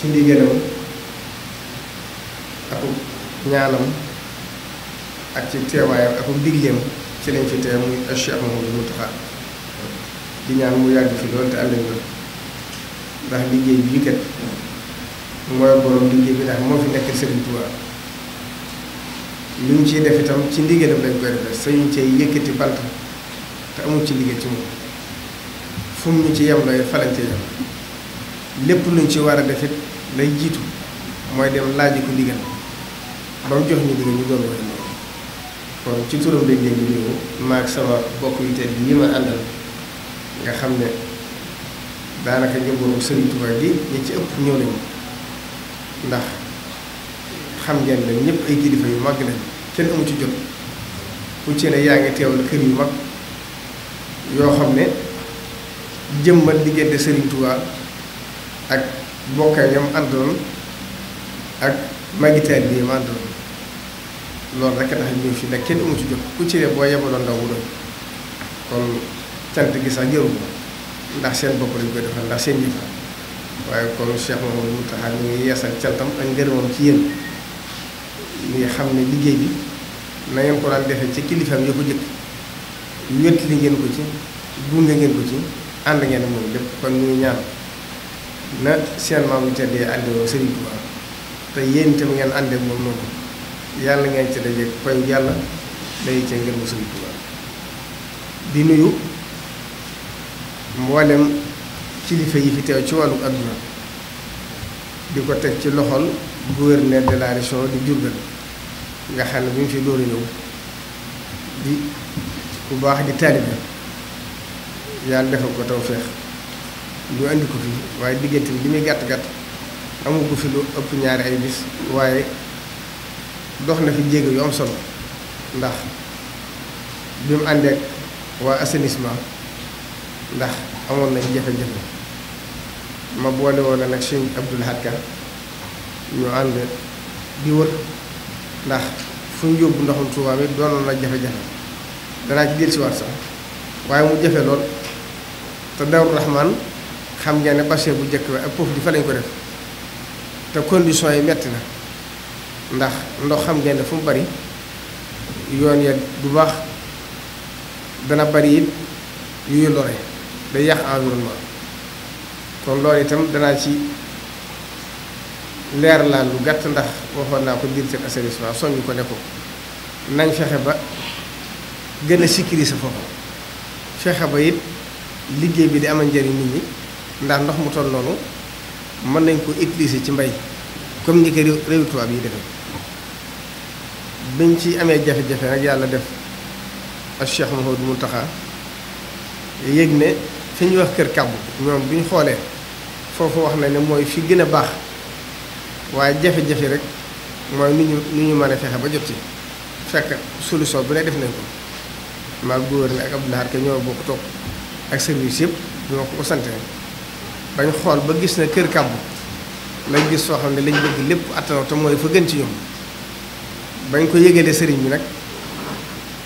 ci ndigalam ak ñaanam ak ci teewaayam ak digleem ci lañ fi teew mu yàgg fi loolu te ànd ndax liggéey bi kat mooy borom liggéey bi ndax moo fi nekk Serigne Touba lu ñu ciy def itam ci ndigalam lañ koy defee sañu cee yëkkati bant te amul ci liggéey ci moom fu mu ñu ci yem looy falañ ci yem lépp luñ ci war a def it lay jiitu mooy dem laaji ko ndigal ba mu jox ñu ndigal ñu doon waxe noonu kon ci turam lañ leen di ñëw maag sama bokk yu tedd yi ma àndal nga xam ne daanaka njabootu Sëriñ Tuubaa gi ñi ci ëpp ñëw nañu ndax xam ngeen ne ñëpp ay kilifa yu mag lañ kenn amu ci jot ku ci yaa ngi teewal kër yu mag yoo xam ne jëmmal diggante Sëriñ Tuubaa ak mbokka ñoom àndoon ak magitaal bi ma àndoon loolu rek tax ñëw fii nag kenn amu ci jot ku ci ne boo yebaloon ndaw wu doon kon cant gi sax jëru ko ndax seen bopp lañ koy defal ndax seen jëfa waaye kon Cheikh Mamadou Mountakha ñu ngi yeesal cantam ak ngërëmam ci yéen ñi xam ne liggéey bi na ngeen ko daan defee ci kilifaam yoo ko jëkk wétli ngeen ko ci gunge ngeen ko ci ànd ngeen moom lépp kon ñu ngi na seen maam yu teddee àndewoo Sëriñ te yéen itam ngeen ànde moom noonu yàlla ngeen ci daje payu yàlla day ca ngërëmu Sëriñ Tuubaa di nuyu mboolem kilifa yi fi teew ci wàllu adduna di ko teg ci loxol gouverneur de la région di Diourbel nga xam ne bi mu fi dóoru ñëw di ku baax di taalibe yàlla defal ko tawfeex ñu andi ko fii waaye diggante bi li muy gàtt gàtt amagu fi lu ëpp ñaari ay bis waaye dox na fi jéego yu am solo ndax bi àndeek waa assainissement ndax amoon nañ jafe-jafe ma boole woon nag sëñ Abdul Ahad ñu ànd di wër ndax fu ñu yóbbu ndoxum Tuubaa mi doonoon na jafe-jafe danaa ci dellusiwaat sax waaye mu jafe lool te Daaru Rahmaan xam ngeen ne bassin bu njëkk bi ak foofu di fa lañ ko def te condition yi metti na ndax ndox xam ngeen ne fu mu bari yoon ya du baax dana bari it yuy lore day yàq environnement kon lool itam danaa ci leer laa lu gàtt ndax waxoon naa ko directeur assainissement soññ ko ne ko nañ fexe ba gën a sécuriser foofu fexe ba it liggéey bi di amal njëriñ nit ñi ndax ndox mu toll noonu mën nañ ko utiliser ci mbay comme ni ko réew tubaab yi defee biñ ci amee jafe-jafe nag yàlla def ak Cheikh Mouhamadou Mountakha yéeg ne fi ñuy wax kër kàbbu ñoom bi ñu xoolee foofu wax na ne mooy fi gën a baax waaye jafe-jafe rek mooy nu ñu nu ñu mën fexe ba jot ci fekk solution bu ne def nañ ko maa gouverneur ak Abdou Lahad Ka ñoo bokk toog ak service yëpp ñoo ko ko sante bañ xool ba gis na kër kàbbu lañ gis soo xam ne lañ bëgg lépp attanaw te mooy fa gën ci ñoom bañ ko yëgalee sëriñ bi nag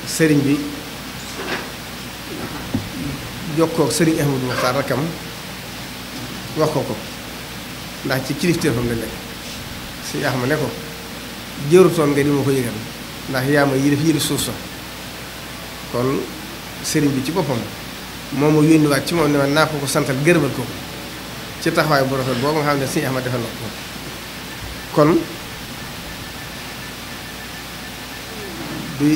sëriñ bi jokkoo sëriñ Ahmadou Mokhtar rakam wax ko ko ndax ci kilifteefam la nekk sëriñ Ahmad ne ko jërutoon nga di ma ko yëgal ndax yaa ma yilif yilif suuf sa kon sëriñ bi ci boppam moom ma yónniwaat ci moom ne ma naa ko ko santal gërëmal ko ci taxawaay bu rafet boobu nga xam ne Sëriñ Ahmad defal na ko kon di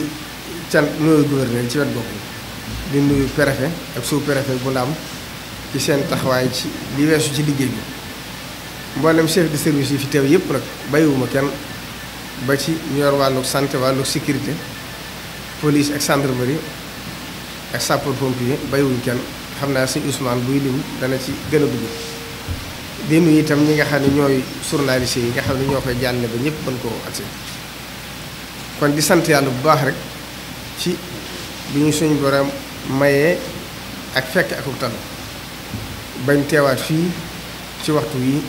can nuyu gouverneur ci wet boobu di nuyu préfet ak sous préfet bu ndaam ci seen taxawaay ci li weesu ci liggéey bi mboolem chef de service yi fi teew yëpp nag baywuma kenn ba ci ñu yor wàllu santé wàllu sécurité police ak gendarmerie ak sapeur pompier bàyyiwuñ kenn xam naa Sëriñ Ousmane buy lim dana ci gën a dugg di nuyu itam ñi nga xam ne ñooy journaliste yi nga xam ne ñoo koy jàll ba ñëpp mën koo agsi kon di sant yàlla bu baax rek ci bi ñu suñu borom mayee ak fekk ak tal bañ teewaat fii ci waxtu yi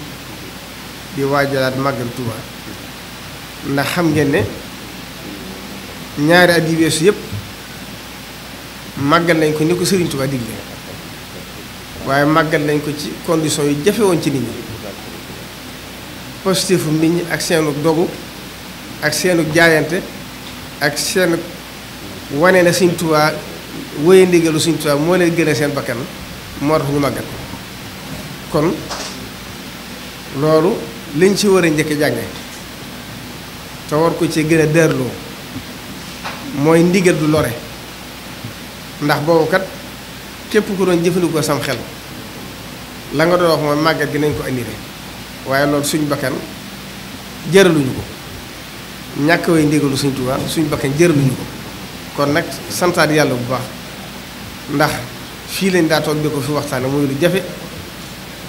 di waajalaat màggal Touba ndax xam ngeen ne ñaari at yi yëpp màggal nañ ko ni ko Serigne Touba digle waaye màggal nañ ko ci condition yi jafe woon ci nit ñi positifum nit ñi ak seenu dogu ak seenu jaayante ak seenu wane na Sëñ Tuubaa wéye ndigalu Sëñ Tuubaa moo leen gën a seen bakkan moo tax ñu màggal kon loolu liñ ci war njëkk jànge te war ko ci gën a dërloo mooy ndigal lore ndax boobu képp ku doon jëfandikoo sam xel la nga doon wax mooy màggat gi nañ ko annulé waaye loolu suñ bakkan jëraluñu ko ñàkk way ndigalu suñ tubaa suñ bakkan jëraluñu ko kon nag santaat yàlla bu baax ndax fii lañ daa toog di ko fi waxtaane muy lu jafe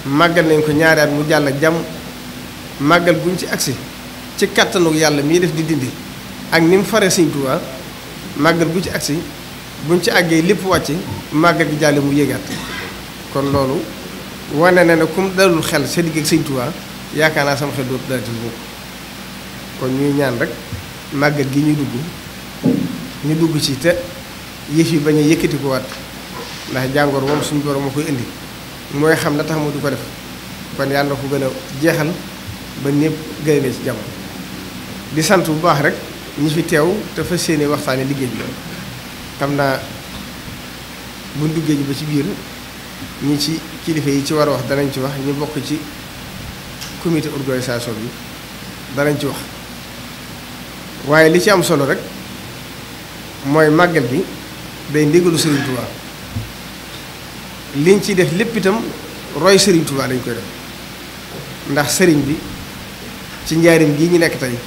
màggal nañ ko ñaari mu jàll jàmm màggal guñ ci agsi ci kattanu yàlla mii def di dindi ak ni mu faree suñ Tuubaa màggal bu ci agsi buñ ci àggee lépp wàcce màggal gi jàlle mu yéegaat kon loolu wane na ne kum dalul xel sa digg ak sëñ Tuubaa yaakaar naa sama xel dootu daal di bokk kon ñuy ñaan rek màggal gi ñu dugg ñu dugg ci te yëf yi bañ a yëkkati ko waat ndax jàngoor moom suñu borom moo indi mooy xam la tax mu du ko def kon yàlla na ko gën a jeexal ba ñëpp gënee ci jàmm di sant bu baax rek ñi fi teew te fas yéene waxtaane liggéey bi xam naa bu ñu ji ba ci biir ñi ci kilifa yi ci war a wax danañ ci wax ñu bokk ci comité organisation bi danañ ci wax waaye li ci am solo rek mooy màggal bi day ndigalu Serigne Touba liñ ci def lépp itam roy Serigne Touba lañ koy def ndax sëriñ bi ci njaarim gii ñu nekk tey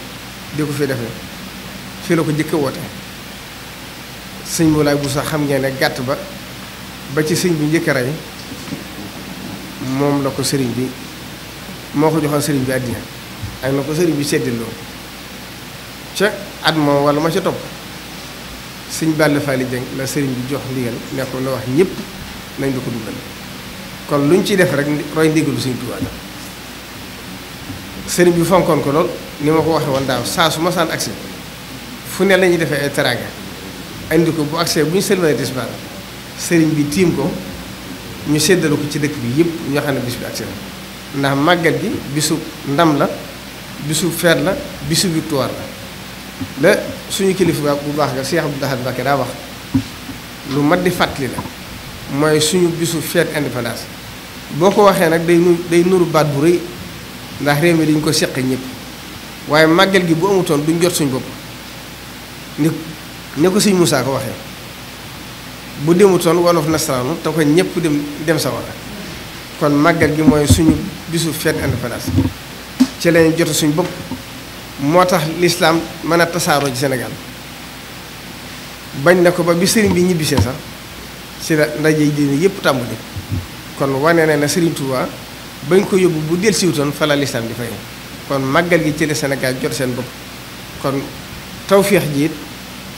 di ko fi defee fii la ko jëkk woote sëñ bu Bousso xam ngeen ne gàtt ba ba ci sëñ bi njëkk rey moom la ko sëriñ bi moo ko joxoon sëriñ bi àddina ak na ko sëriñ bi seddiloo ca at moom wala ma ca topp sëñ Balla Fally Dieng la sëriñ bi jox ndigal ne ko la wax ñëpp nañ la ko dugal kon lu ñu ciy def rek roy ndigalu sëñ Tuubaa la sëriñ bi fonkoon ko lool ni ma ko waxee woon daaw saa su ma saan agsi fu ne lañuy defee ay teraanga andi ko bu agsee bu ñu sëlmalee tisbaar sëriñ bi tiim ko ñu séddale ko ci dëkk bi yëpp ñoo xam ne bis bi agsee na ndax màggal gi bisu ndam la bisu feet la bisu victoire la la suñu kilifa bu baax nga Cheikh Abdou Ahad Mbacké daa wax lu mat di fàttali la mooy suñu bisu feet indépendance boo ko waxee nag day nuru baat bu rëy ndax réew mi dañu ko seqe ñëpp waaye màggal gi bu amutoon duñ jot suñu bopp ni ne ko sëñ Moussa ko waxee bu demutoon wolof nasaraanu te ko ñëpp dem dem sa wara kon màggal gi mooy suñu bisu fête indépendance ci lañu jot suñu bopp moo tax lislaam mën a tasaaroo ci Sénégal bañ na ko ba bi sëriñ bi ñibbisee sax ci la ndaje ji diine yëpp tàmbali kon wane na ne sëriñ Touba bañ ko yóbbu bu dellusiwutoon fa la lislaam di fay kon màggal gi ci la Sénégal jot seen bopp kon tawféex ji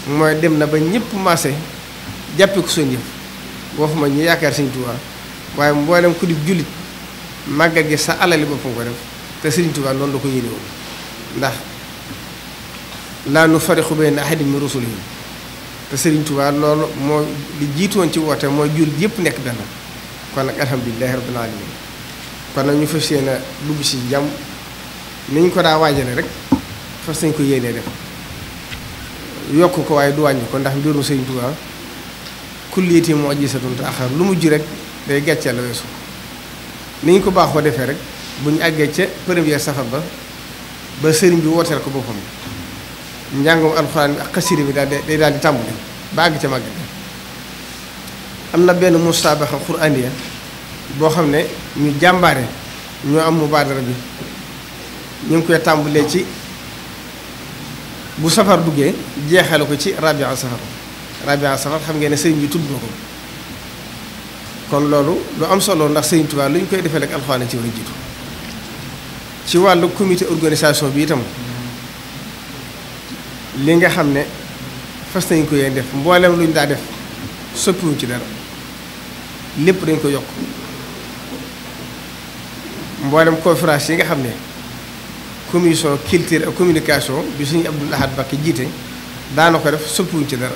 mooy dem na ba ñëpp maase jàppee ko seen yëf ma ñu yaakaar Sëriñ Tuubaa waaye mboolem ku di jullit màggal gi sa alali boppam ko def te Sëriñ Tuubaa loolu la ko yéene ndax laa nu fariqu bayna ahadin min rusulihi te Sëriñ Tuubaa loolu moo li jiitoon ci woote mooy jullit yëpp nekk dana kon nag alhamdulilahi rabbil alamin kon nag ñu fas yéene dugg ci jàmm ni ñu ko daa waajale rek fas nañ ko yéenee def yokk ko waaye du wàññi ko ndax mbirum sëñ Tuubaa kulliyati moo ajisatun te axar lu mujj rek day gàccee la weesu ni ñu ko baaxoo defee rek bu ñu àggee ca première safar ba ba sëriñ bi wooteel ko boppam njàngum alxuraan bi ak xasiri bi daal day daal di tàmbali ba àgg ca mag am na benn musaabaxa xuraaniya boo xam ne ñu jàmbaare ñoo am mu mubaadara bi ñu ngi koy tàmbalee ci bu safar duggee jeexale ko ci rabia safar rabia safar xam ngeen ne sëriñ bi tudd na ko kon loolu lu am solo ndax sëriñ Tuubaa lu koy defee ak alxuraan ci war a jiitu ci wàllu comité organisation bi itam li nga xam ne fas nañ ko yéen def mboolem luñ daa def soppiwuñ ci dara lépp dañ ko yokk mboolem conférence yi nga xam ne commission culture communication bi suñu Abdoul Ahad Mbacké jiite daana ko def soppiwuñ ci dara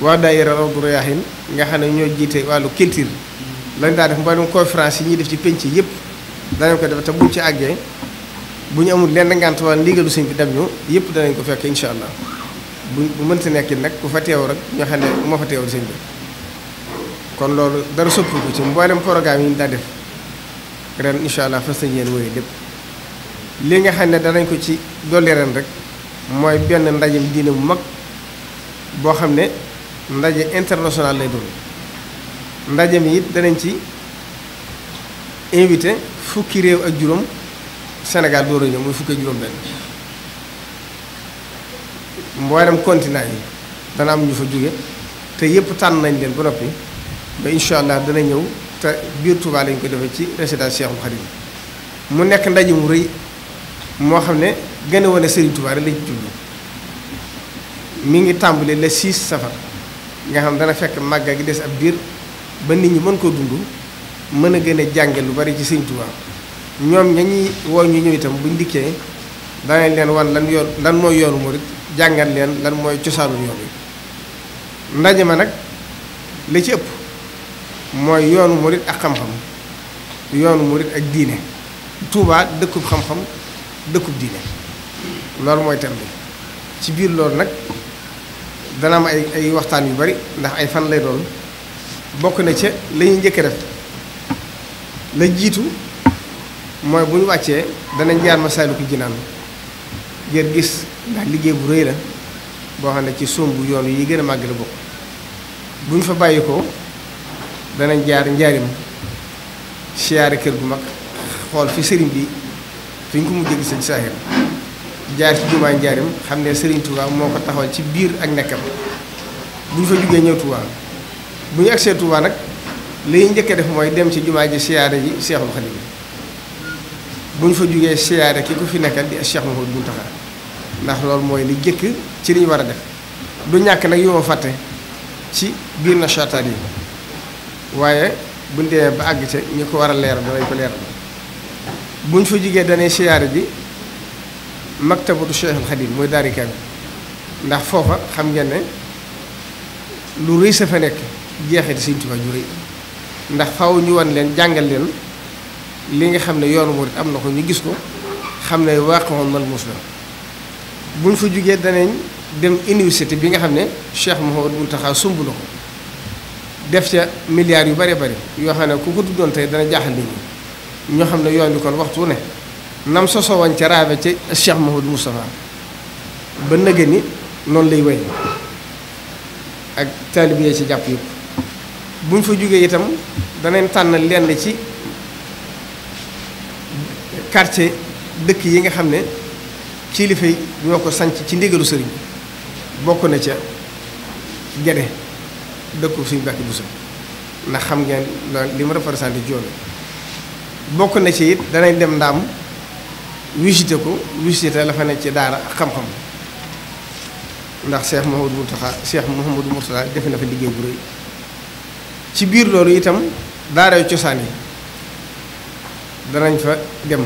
waa daayira Rawdu Rayaahin nga xam ne ñoo jiite wàllu culture lañ daa def mboolem conférence yi ñuy def ci penc yëpp danañ ko def te mu ci àggee bu ñu amul lenn ngant wala ndigalu sëñ bi dag ñu yëpp danañ ko fekk incha allah bu bu mënta nekkin nag ku fa teew rek ñoo xam ne moo fa teewul sëñ bi kon loolu dara soppiku ci mboolem programme yi ñu daa def ren incha allah fas yéene wéy lépp. li nga xam ne danañ ko ci dolli ren rek mooy benn ndaje diine bu mag boo xam ne ndaje international lay doon ndaje mi danañ ci invité fukki réew ak juróom Sénégal doo ñëw muy fukki ak juróom benn mboolem continent yi dana am ñu fa jóge te yëpp tànn nañ leen ba noppi ba incha allah dana ñëw te biir Touba lañ ko defee ci résidence Cheikhoul yi mu nekk ndaje mu rëy. moo xam ne gën a wane Serigne Touba rek la ci jublu mi ngi tàmbali la 6 safar nga xam dana fekk màggal gi des ab diir ba nit ñi mën koo dund mën a gën a jànge lu bari ci Serigne Touba ñoom ña ñuy woo ñu ñëw itam buñ dikkee danañ leen wan lan yoon lan mooy yoonu murit jàngal leen lan mooy cosaanu yoon wi ndaje ma nag la ci ëpp mooy yoonu murit ak xam-xam yoonu murit ak diine Touba dëkkub xam-xam. dëkkub diine loolu mooy bi ci biir loolu nag dana am ay waxtaan yu bari ndax ay fan lay doon bokk na ca lañuy ñuy njëkk def la jiitu mooy buñ ñu wàccee danañ jaar Masaalikul Jinaan jër gis ndax liggéey bu rëy la boo xam ne ci sumb yoon yi gën a màgg la bokk bu ñu fa bàyyikoo ko danañ jaar njaarim siyaare kër gu mag xool fi sëriñ bi fi ñu ko mujjee gis ci saahir jaar ci jumaa njaarim xam ne Serigne Touba moo ko taxawal ci biir ak nekkam bu ñu fa jugee ñëw Touba bu ñu nag li njëkk def mooy dem ci jumaa ji siyaare ji Seexul Xadiim fa jugee siyaare ki ko fi nekkal di Cheikh bu Mountakha ndax loolu mooy li jëkk ci li ñu war a def du ñàkk nag yoo fàtte ci biir na chataat yi waaye bu ñu demee ba àgg ca ñi ko war a leer danañ ko leer. buñ fa jigee danay siyaare bi maktabatu Cheikh al mooy daari kaamil ndax foofa xam ngeen ne lu rëy sa fa nekk jeexit Sëriñ Tuubaa ju rëy ndax faw ñu wan leen jàngal leen li nga xam ne yoonu murit am na ko ñu gis ko xam ne waaqoon mal muus la buñ fa jugee danañ dem université bi nga xam ne Cheikh Mouhamadou Mountakha sumb na ko def ca milliards yu bare bari yoo xam ne ku ko tuddoon tey dana jaaxal nit ñi ñoo xam ne yoon bi kon waxtu ne nam sosoo woon ca raabe ca Cheikh Mahmoud Moustapha ba nëgë ni noonu lay wéy ak taalib yee ci jàpp yëpp bu ñu fa jógee itam danañ tànn lenn ci quartier dëkk yi nga xam ne kilifa yi ñoo ko sanc ci ndigalu sëriñ bokk na ca Gede dëkku suñu bàkki bu ndax xam ngeen li mu représenté joone bokk na ci it danañ dem ndaam visité ko visité la fa ne ci daara ak xam-xam ndax Cheikh Mouhamadou Mourtada Cheikh Mouhamadou Mourtada defe na fa liggéey bu rëy ci biir loolu itam daara yu cosaan yi danañ fa dem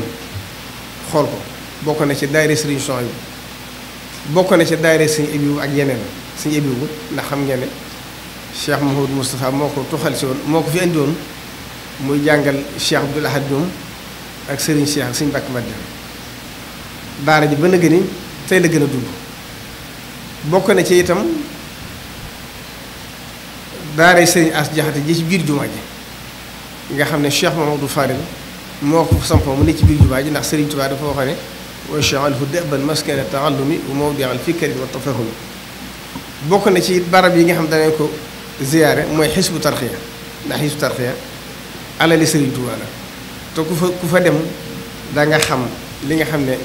xool ko bokk na ci daayira Serigne Son yi bokk na ci daayira Serigne Ibu ak yeneen Serigne Ibu ndax xam ngeen ne Cheikh Mouhamadou Moustapha moo ko tuxal si woon moo ko fi indi muy jàngal Cheikh Abdoul Ahad ñoom ak Serigne Cheikh siñ Serigne Bakk Madina daara ji ba na gëni tey la gën a dund bokk na ci itam daara Serigne As Jaxate ji ci biir jumaa ji nga xam ne Cheikh du Fadil moo ko sampoo mu ne ci biir jumaa ji ndax Serigne Touba dafa waxoon ne wa ja'alhu da'ban maskana ta'allumi wa mawdi'al fikri wa tafahumi bokk na ci barab yi nga xam danañ ko ziyaare mooy xisbu tarxiya ndax xisbu tarxiya alali Serigne Touba la te ku fa ku fa dem danga nga xam li nga xam ne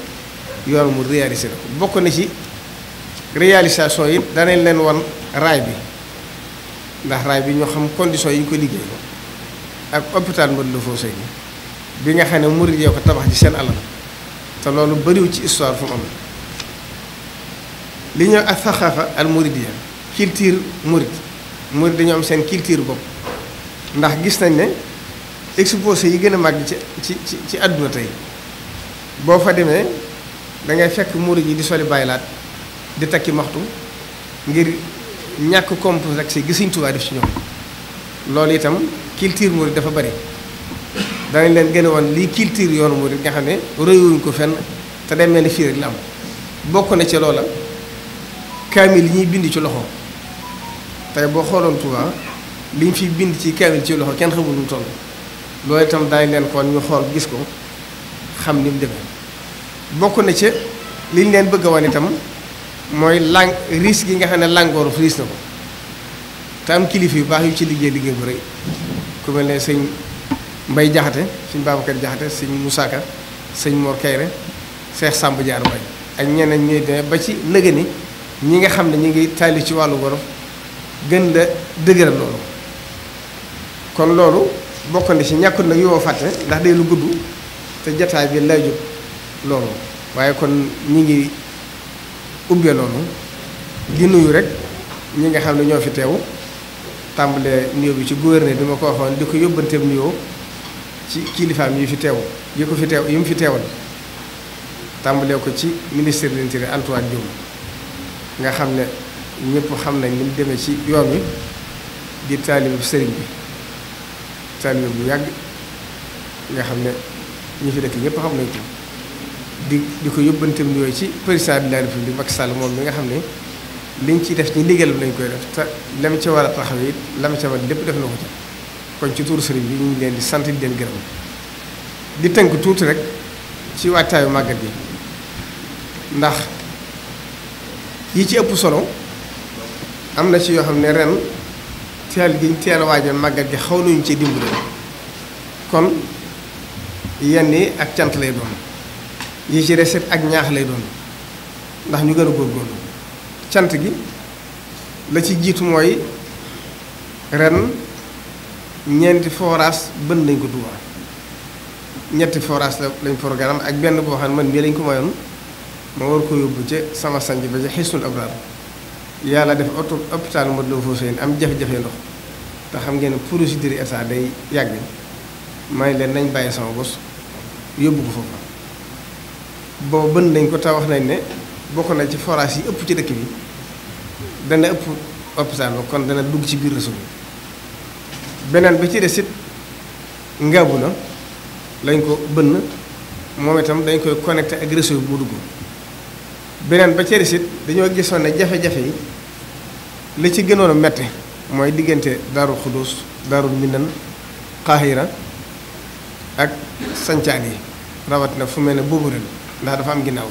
yoon mu réalisé bokk na ci réalisation yi danañ leen wan raay bi ndax raay bi ñu xam condition yi ko liggéey ak hôpital Matlaboul Fawzayni bi nga xam ne murid yoo ko tabax ci seen alal te loolu bariwul ci histoire fu mu am li ñoo ak saxaafa al muridiyya culture murid murid dañoo am seen culture bopp ndax gis nañ ne exposé yi gën a màgg ci ci ci ci àdduna tey boo fa demee da fekk murid yi di soli bàyyilaat di takki maxtu ngir ñàkk composé rek si gisuñ Tuubaa def ci ñoom loolu itam culture murid dafa bari danañ leen gën a wan lii culture yoonu murid nga xam ne rëyuñ ko fenn te day mel ni fii rek la am bokk na ci loola kaamil yi ñuy bind ci loxo tey boo xooloon Tuubaa liñ fi bind ci kaamil ci loxo kenn xamul lu mu loolu itam daañu leen kon ñu xool gis ko xam ni mu demee bokk na ci li ñu leen bëgg a wan itam mooy lang risque yi nga xam ne làngooru risque na ko te am kilifa yu baax yu ci liggéey liggéey bu rëy ku mel ne sëñ Mbay Jaxate sëñ Babacar Jaxate sëñ Moussa sëñ Mor Kayre Seex Sàmb Jaar Mbay ak ñeneen ñuy demee ba ci nëgë ni ñi nga xam ne ñu ngi taali ci wàllu wolof gën la dëgëral loolu kon loolu bokkande na ci ñàkkut nag yoo fàtte ndax day lu gudd te jataay bi lay jut loolu waaye kon ñi ngi ubbee loolu di nuyu rek ñi nga xam ne ñoo fi teew tàmbalee nuyoo bi ci gouverneur bi ma ko waxoon di ko yóbbanteem nuyoo ci kilifaam yi fi teew yi ko fi teew yi mu fi teewal tàmbalee ko ci ministre de l'Intérieur Antoine Diome nga xam ne ñëpp xam nañ ni mu ci yoon wi di taalibu sëriñ bi taalibe bu yàgg nga xam ne ñu fi dëkk ñëpp xam nañ ko di di ko yóbbanteem yooyu ci président de la république Macky Sall moom mi nga xam ne liñ ciy def ni ndigal lañ koy def te lam ca war a taxaw it lam ca war lépp def na ko ca kon ci tuur sëriñ bi ñu leen di sant di leen gërëm di tënk tuuti rek ci waajtaayu màggat yi ndax yi ci ëpp solo am na ci yoo xam ne ren. teel gi ñu teel a waajoon gi xaw nañu ci dimbali kon yenn yi ak cant lay doon yi ci reset ak ñaax lay doon ndax ñu gën a góorgóorlu cant gi la ci jiitu mooy ren ñeenti forage bën nañ ko Tuuba ñetti forage la lañ programme ak benn boo xam ne man mii lañ ko mayoon ma war ko yóbbu ca sama sanj ba ca xisul abraar yàlla def oto hôpital Matlaboul Fawzayni am jafe-jafe ndox te xam ngeen ne procédure état day yàgg maa ngi leen nañ bàyyi sama bos yóbbu ko foofa boobu bën nañ ko te wax nañ ne bokk na ci forage yi ëpp ci dëkk bi dana ëpp hôpital ba kon dana dugg ci biir réseau bi beneen ba ci des it na lañ ko bënn moom itam dañ koy connecté ak réseau bi mu dugg beneen ba ci des it dañoo gisoon ne jafe-jafe yi li ci gënoon a metti mooy diggante daarul xudus daarul minan xaaxira ak sancaan yi rawatina fu mel ne boobureel ndax dafa am ginnaaw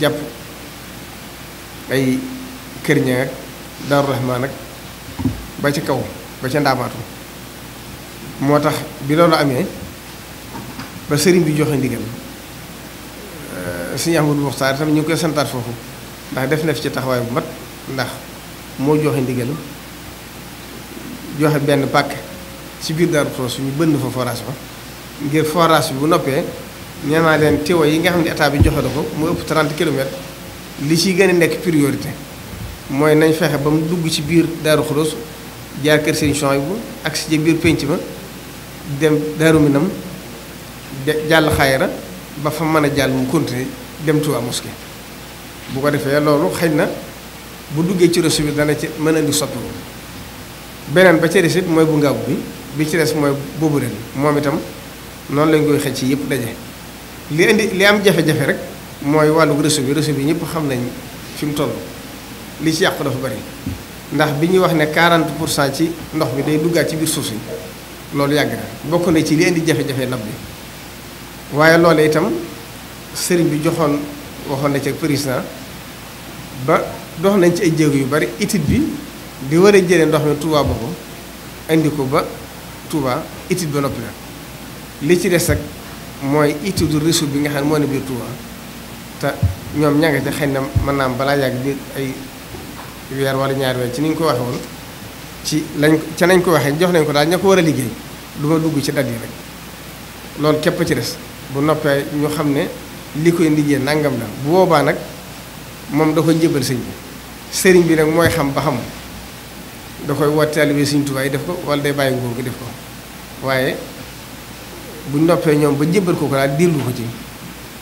jàpp ay kërña ak daaru rahmaan ak ba ca kaw ba ca ndaamaatu moo tax bi loolu amee ba sëriñ bi joxe ndigal euh, Sëriñ Ahmadu Muxtaar tam ñu koy santaat foofu ndax def na fi ci taxawaay bu mat ndax moo joxe ndigal joxe benn pàkk ci biir Darou Khoudoss ñu bënn fa forage ba ngir forage bi bu noppee ñee naa leen teewa yi nga xam ne état bi joxe na ko mu ëpp trent kilomètres li ci gën a nekk priorité mooy nañ fexe ba mu dugg ci biir Darou Khoudoss jaar kër Serigne Souhaïbou ak si biir pénc ma dem Darou Minam jàll xayra ba fa mën a jàll mu continuer dem Touba mosquée bu ko defee loolu xëy na bu duggee ci réseau bi dana ci mën a indi soppiku. beneen ba ca des mooy bu ngaabu bi bi ci des mooy boobu ren moom itam noonu lañ koy xëcc ci yëpp daje li indi li am jafe-jafe rek mooy wàllu réseau bi réseau bi ñëpp xam nañ fi mu toll li ci yàqu dafa bari ndax bi ñuy wax ne 40 pour cent ci ndox bi day duggaat ci biir suuf si loolu yàgg na bokk na ci li indi jafe-jafe nab bi waaye loolu itam sëriñ bi joxoon waxoon na ci ak président ba dox nañ ci ay jéego yu bari étude bi. li war a jëlee ndox mi Touba boppam indi ko ba Touba étude ba noppi la li ci des ak mooy étude réseau bi nga xam ne moo ne biir Touba te ñoom ña nga ca xëy na mën naa am balaa yàgg biir ay weer wala ñaari weer ci ni ñu ko waxe woon ci lañ ca nañ ko waxee jox nañ ko daal ña ko war a liggéey du ma dugg ci dat yi rek loolu képp ci des bu noppee ñu xam ne li koy liggéey nangam la bu boobaa nag moom da ko njëbal sëñ bi sëriñ bi nag mooy xam ba xam. da koy woote taalibe Sëriñ Tuubaa yi def ko wala day bàyyi nguur gi def ko waaye bu noppee ñoom ba jëbbal ko ko daal diirlu ko ci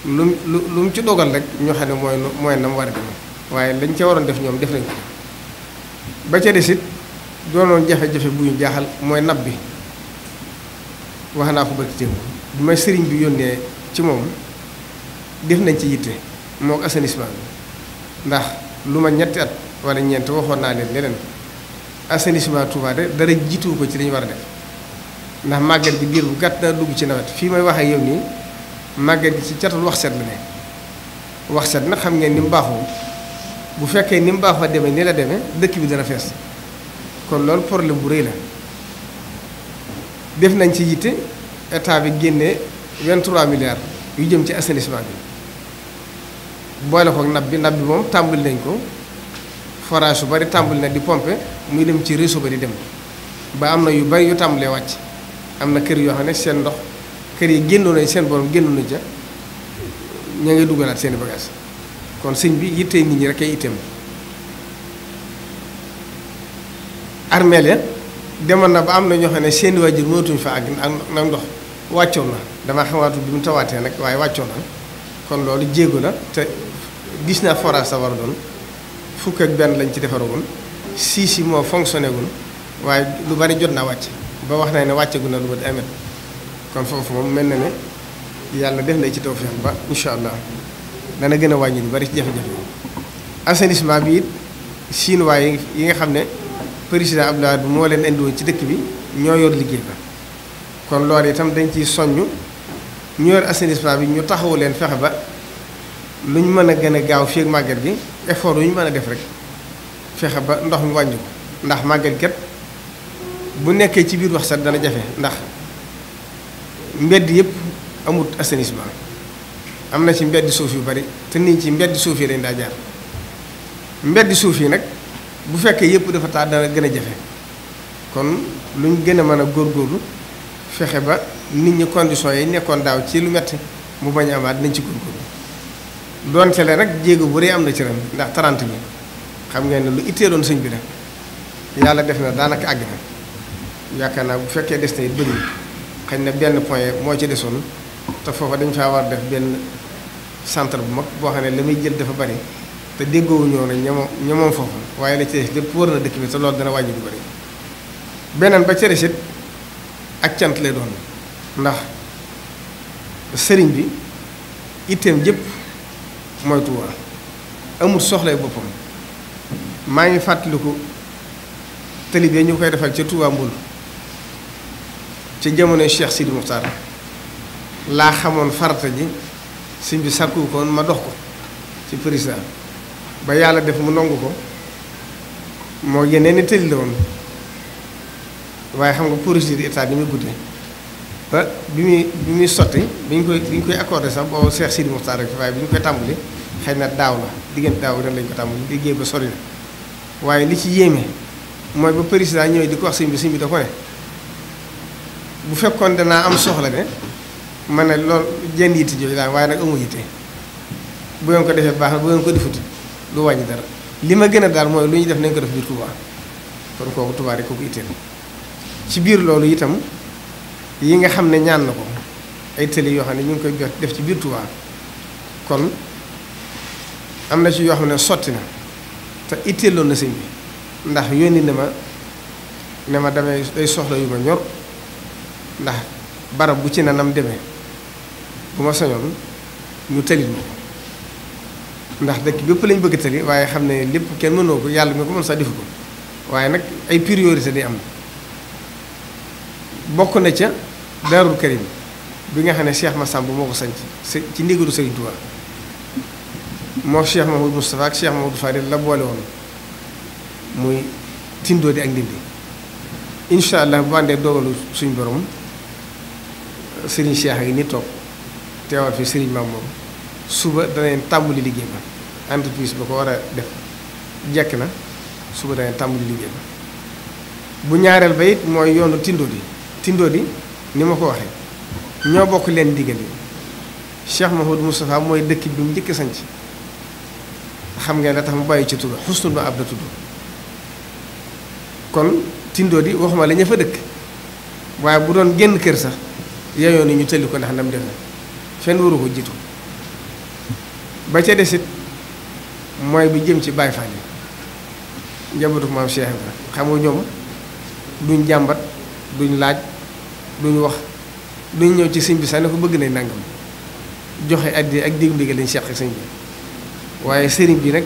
lu lu lu mu ci dogal rek ñu xam ne mooy mooy na mu war a demee waaye lañ ca waroon def ñoom def nañ ko ba ca des it doonoon bu jaaxal mooy nab bi wax naa ko ba ci bi sëriñ bi yónnee ci moom def nañ ci yitte moo ndax lu ma ñetti at wala ñeent waxoon naa leen leneen. assainissement Touba de dara jiituwu ko ci li war a def ndax màgget gi biir bu gàtt naa dugg ci nawet fii may wax ak yow nii màggat gi ci jatul wax set la ne wax set na xam ngeen ni mu baaxoo bu fekkee ni mu baaxoo demee ni la demee dëkk bi dana fees kon loolu problème bu rëy la def nañ ci yitte état bi génne 23 milliards yu jëm ci assainissement bi boole ko nab bi nab bi moom tàmbali nañ ko. forage su bari tàmbali na di pomper muy dem ci réseau ba di dem ba am na yu bari yu tàmbalee wàcc am na kër yoo xam ne seen ndox kër yi génnoon nañ seen borom génnoon nañ ca ña ngay dugalaat seen i bagage kon sëñ bi yittee ñi rek ay armeel ya demoon na ba am na ñoo xam ne seen i waajur mënatuñ fa àgg nag ndox wàccoon na damaa xamaatu bi mu tawaatee nag waaye wàccoon na kon loolu jéego la te gis naa forage sa war a doon fukk ak benn lañ ci defaragul sii si moo fonctionné gul waaye lu bari jot naa wàcc ba wax na ne wàcceegu na lu bët amet kon foofu moom mel na ne yàlla def na ci tawfeex ba incha allah dana gën a wàññi lu bari ci jafe-jafe assainissement bi it chinois yi yi nga xam ne président Abdoulaye bi moo leen indi ci dëkk bi ñoo yor liggéey ba kon loolu itam dañ ci soññ ñu yor assainissement bi ñu taxawu leen fexe ba. lu ñu mën a gën a gaaw fii ak màggal gi effort yu ñu mën a def rek fexe ba ndox mu wàññi ndax màgget kat bu nekkee ci biir wax sax dana jafe ndax mbedd yëpp amut assainissement am na ci mbedd suuf yu bari te nit ci mbedd suuf yi lañ daa mbedd suuf yi nag bu fekkee yëpp dafa taa dana gën a jafe kon lu ñu gën a mën a góor góorlu fexe ba nit ñi conditions yi nekkoon daaw ci lu metti mu bañ a amaat nañ ci góorgóorlu doonte la rek jéego bu rëy am na ci ren ndax 30 bi xam ngeen ne lu itteeloon sëñ bi la yàlla def na daanaka àgg na yaakaar naa bu fekkee des na it bëri xëy na benn point moo ci desoon te foofa dañ faa war def benn centre bu mag boo xam ne la muy jël dafa bari te déggoowu ñoo ne ña ñamoom foofu waaye la ci des lépp wër na dëkk bi te loolu dana wàññi bu bari beneen ba ceres it ak cant lay doon ndax sëriñ bi itteem jëpp mooy Touba amul soxlay boppam maa ngi fàttaliku talibé ñu koy defal ci Touba Mboul ca jamonoy Cheikh Sidi Moukhtar laa xamoon farata ji sëñ bi sàkku ma dox ko ci président ba yàlla def mu nangu ko moo yeneen i tëli la woon waaye xam nga police di état ni muy guddee. ba bi muy bi muy sotti bi ñu koy bi ñu koy accordé sax boobu Cheikh Sidi Mokhtar rek waaye bi ñu koy tàmbali xëy na daaw la diggante daaw ren lañ ko tàmbali liggéey ba sori na waaye li ci yéeme mooy ba président ñëwee di ko wax sëñ bi sëñ bi da ko ne bu fekkoon danaa am soxla ne ma ne loolu jenn yitte jooju daal waaye nag amu yitte bu ngeen ko defee baax na bu ngeen ko defuti lu wàññi dara li ma gën a daal mooy lu ñu def nañ ko def biir Touba kon kooku tubaar rek ko itteel ci biir loolu itam. yi nga xam ne ñaan na ko ay tëli yoo xam ne ñu ngi koy jot def ci biir Touba kon am na ci yoo xam ne sotti na te itteeloon na sëñ bi ndax yónni na ma ne ma damay day soxla yu ma ñor ndax barab bu ci na nam demee bu ma sañoon ñu tëlit ma ndax dëkk bépp lañ bëgg tëli waaye xam ne lépp kenn mënoo ko yàlla mi ko mën sax defu ko waaye nag ay priorité day am bokk na ca daarul karim bi nga xam ne ma Massamba moo ko sanc ci ndigalu Serigne Touba moo Cheikh Mamadou Moustapha ak Cheikh Mamadou Fadil la boole woon muy tindoo ak ndindi incha allah bu àndee dogalu suñ borom Serigne Cheikh yi ni toog teewal fi Serigne Mamour suba danañ tàmbuli liggéey ba entreprise ba ko war a def jekk na suba danañ tàmbali liggéey ba bu ñaareel ba it mooy yoonu tindoo di tindoo ni ma ko waxee ñoo bokk leen diggante Cheikh Mahoud Moustapha mooy dëkk bi mu njëkk sanc xam ngeen la tax mu bàyyi ci tudd xusnul ma ab da tudd kon tindoo di waxuma la ña fa dëkk waaye bu doon génn kër sax yaayoon ni ñu tëlli ko ndax nam def na fenn waru ko jiitu ba ca desit mooy bi jëm ci Baay Faal yi njabootu maam Cheikh nga ñoom duñ jàmbat duñ laaj duñu wax duñ ñëw ci sëñ bi sax ne ko bëgg nañ nangam joxe addi ak déglu liggéey lañ seq ak bi waaye sëriñ bi nag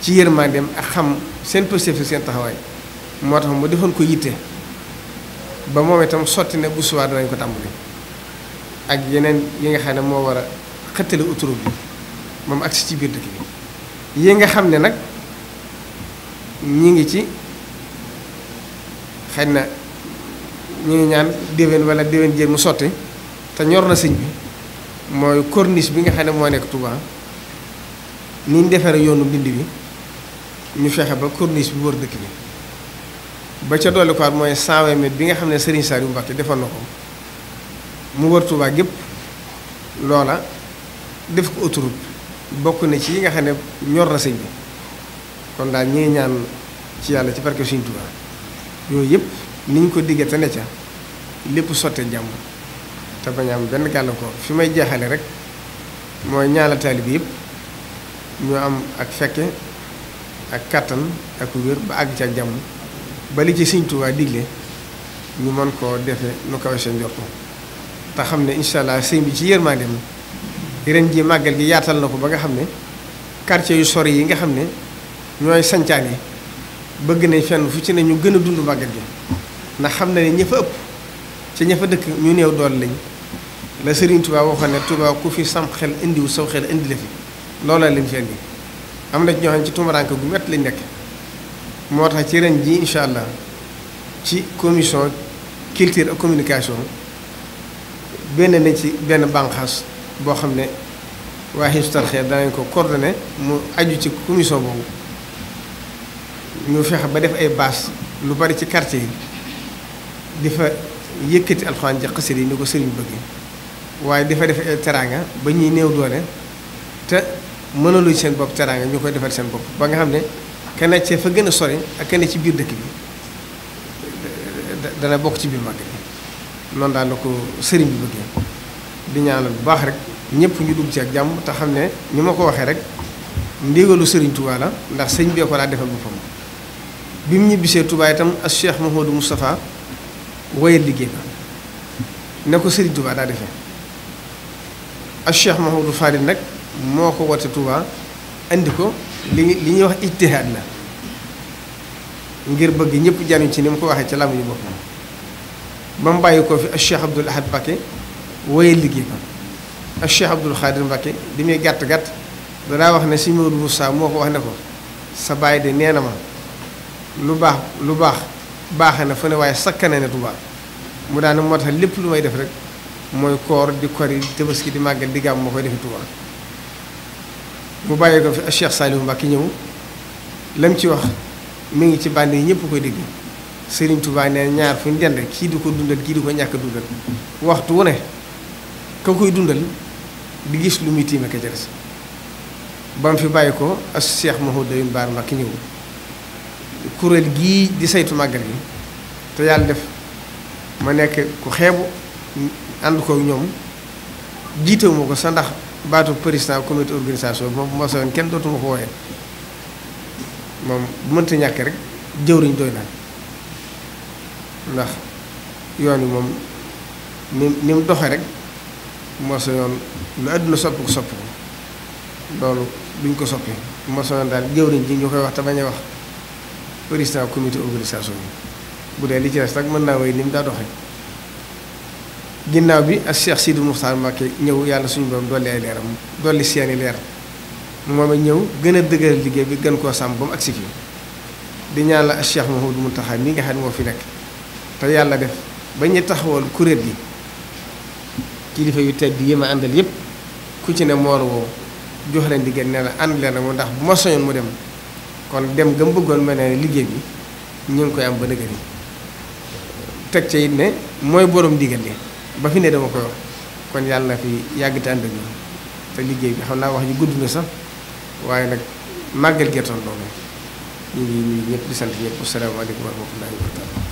ci yërmandeem ak xam seen positif seen taxawaay moo tax mu defoon ko yitte ba moom itam sotti ne bu subaa danañ ko tàmbali ak yeneen yi xam ne moo war a xëttale autoroute bi moom agsi ci biir dëkk bi yi nga xam ne nag ñu ngi ci xëy na. ñu ngi ñaan déwén wala déwén jéem mu sotti te ñor na sëñ bi mooy corniche bi nga xam ne moo nekk Touba ni ñu defaree yoonu dindi bi ñu fexe ba corniche bi wër dëkk bi ba ca dolli quoi mooy 120 mètres bi nga xam ne Serigne Saliou Mbacké defoon na ko mu wër Touba gépp loola def ko autoroute bokk na ci yi nga xam ne ñor na sëñ bi kon daal ñu ngi ñaan ci yàlla ci barke Serigne Touba yooyu yëpp. niñ ko diggee te ne ca lépp sottee jàmm te bañ am benn gàllankoor fi may jeexale rek mooy ñaala taalibe yëpp ñu am ak fekke ak kàttan ak wér ba àgg ci ak jàmm ba li ci Sëñ Tuubaa digle ñu mën koo defe nu kawe seen njort te xam ne incha allah sëñ bi ci yërmandeem ren ji màggal gi yaatal na ko ba nga xam ne quartier yu sori yi nga xam ne ñooy sancaan yi bëgg nañ fenn fu ci ne ñu gën a dund màggal gi ndax xam na ne ña fa ëpp ca ña dëkk ñu néew doole lañ la Serigne woo xam ne Touba ku fi sam xel indiwu saw xel indi la fi loolaa leen fi indi am na ci ñoo xam ne ci tumuraanke gu métti lañ nekk moo tax ci ren ji incha allah ci commission culture ak communication benn na ci benn bànqaas boo xam ne waa Hizbut Tarqiyyah danañ ko coordonné mu aju ci commission boobu ñu fexe ba def ay baas lu bari ci quartier yi di fa yëkkati alxuraan ji xasida yi ni ko sëriñ bëgg waaye di fa def teraanga ba ñuy néew doole te mënaluñ seen bopp teraanga ñu koy defar seen bopp ba nga xam ne kenn ci fa gën a sore ak kenn ci biir dëkk bi dana bokk ci biir màgg noonu daal ko sëriñ bi bu baax rek ñëpp ñu dugg ci jàmm te xam ne ni ma ko waxee rek ndégalu sëriñ Touba ndax sëñ bee ko daa defal boppam bi mu ñibbisee Touba itam as Cheikh Mouhamadou Moustapha wayal liggéey ba ne ko Serigne Touba daa defee ak Cheikh Mahamadou Fadil nag moo ko wote Touba indi ko li li ñuy wax ijtihaad la ngir bëgg ñëpp jariñ ci ni mu ko waxee ci làmb ñu boppam ba mu bàyyi ko fi ak Cheikh Abdoul Ahad Mbacké wayal liggéey ba ak Cheikh Abdoul Khadir Mbacké li muy gàtt gàtt danaa wax ne si Maodo Moussa moo ko wax ne ko sa baay de nee na ma lu baax lu baax. baaxe na fu ne waaye sakkane ne Tuubaa mu daane moo tax lépp lu may def rek mooy koor di kori di tabaski di màggal di gàmm koy defe Tuubaa mu bàyyi ko fi ak Cheikh Saliou Mbacké ñëw lam ci wax mu ngi ci bànn yi ñëpp koy digg Serigne Touba nee ñaar fu ñu kii di ko dundal kii di ko ñàkk dundal waxtu wu ne ka koy dundal di gis lu muy tiime ka ca des ba mu fi bàyyi ko ak Cheikh Mouhamadou Lamine Bara Mbacké ñëw kuréel gii di saytu màggal gi te yàlla def ma nekk ku xeebu ànd kook ñoom jiitewuma ko sa ndax baatu président comité organisation moom moo soxla kenn dootuma ko wooyee moom bu mënta ñàkk rek jëwriñ doy naa ndax yoon wi moom ni ni mu doxee rek moo sa yoon lu àdduna soppi ko soppi ko loolu duñ ko soppi moo sa yoon daal jëwriñ ji ñu koy wax te bañ a wax président comité organisation bi bu dee li ci des mën naa wéy ni mu daa doxee ginnaaw bi ak Cheikh Sidi Moukhtar Mbacké ñëw yàlla suñu borom dolli ay leeram dolli seeni leer moom a ñëw gën a dëgëral liggéey bi gën koo sàmm ba mu agsi fii di ñaan la ak Cheikh Mouhamadou mi nga xam ne moo fi nekk te yàlla def ba ñu taxawal kuréel gi kilifa yu tedd yi ma àndal yépp ku ci ne moor woo jox leen di gën ne la ànd leen mu ndax bu ma soñoon mu dem kon dem gëm bëggoon ma ne liggéey bi ñu ngi koy am ba dëgër yi teg ca it ne mooy boroom ndigal li ba fi ne dama koy kon yàlla na fi yàgg te ànd ak liggéey bi xam naa wax ji gudd na sax waaye nag màggal gertoon loolu ñu ngi ñëpp di sant ñëpp asalaamaaleykum wa rahmatullahi wa barakatuh